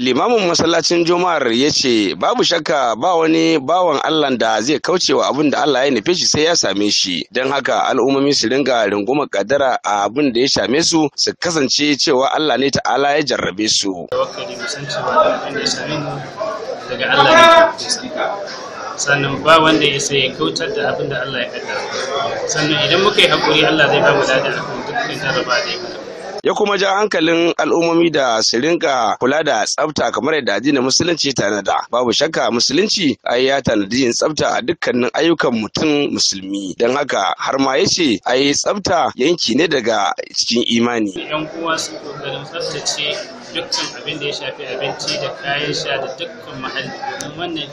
limamin masallacin juma'ar ya ce babu shakka ba wani bawan allah da zai kauce wa abin da allah ya nufe shi sai ya same shi don haka al'ummomi su ringa rungumar kadara a abin da ya same su su kasance cewa allah ne ta'ala ya jarrabe su sannan ba wanda ya sai kautar da abin da allah ya kaddara sannan idan muka yi haƙuri allah zai ba mu dada duk da jarraba da ya ya kuma ja hankalin al'ummomi da su rinka kula da tsafta kamar yadda addinin musulunci tanada babu shakka musulunci ai ya tanadi yin tsafta a dukkanin ayyukan mutum musulmi don haka har ma ya ce ai tsafta yanki ne daga cikin imani yan uwa su kokarin tsaftace dukkan abin da ya shafi abinci da kayan sha da dukkan muhalli domin wannan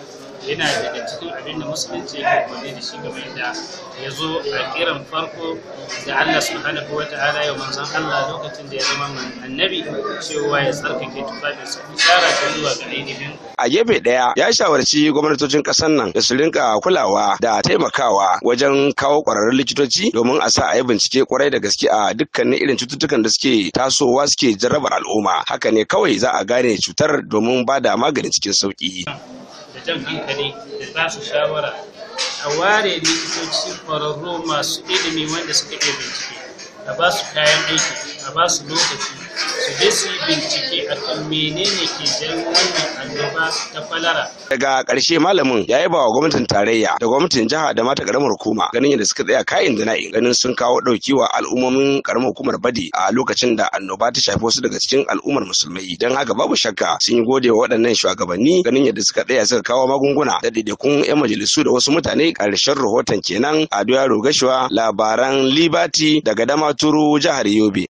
yana daga cikin abin da musulunci ya umarni da shi game da ya zo a kiran farko da Allah subhanahu wa ta'ala ya manzan Allah lokacin da ya zama annabi cewa ya tsarkake tufafinsa isharar ta zuwa ga ainihin a gefe daya ya shawarci gwamnatocin kasar nan da su rinka kulawa da taimakawa wajen kawo kwararrun likitoci domin a sa a yi bincike kwarai da gaske a dukkanin irin cututtukan da suke tasowa suke jarrabar al'umma haka ne kawai za a gane cutar domin ba da maganin cikin sauki jan hankali da ba su shawara a ware likitoci kwararru masu ilimi wanda suka iya bincike a ba su kayan aiki a ba su lokaci su Daga ƙarshe malamin ya yi bawa gwamnatin tarayya da gwamnatin jiha da mata ƙaramar hukuma ganin yadda suka tsaya kayan da ganin sun kawo ɗauki wa al'ummomin ƙaramar hukumar Badi a lokacin da annoba ta shafi wasu daga cikin al'ummar musulmai. Don haka babu shakka sun yi gode wa waɗannan shugabanni ganin yadda suka tsaya suka kawo magunguna da daidaikun 'yan majalisu da wasu mutane ƙarshen rahoton kenan a Doya Rogashuwa labaran Libati daga Damaturu jihar Yobe.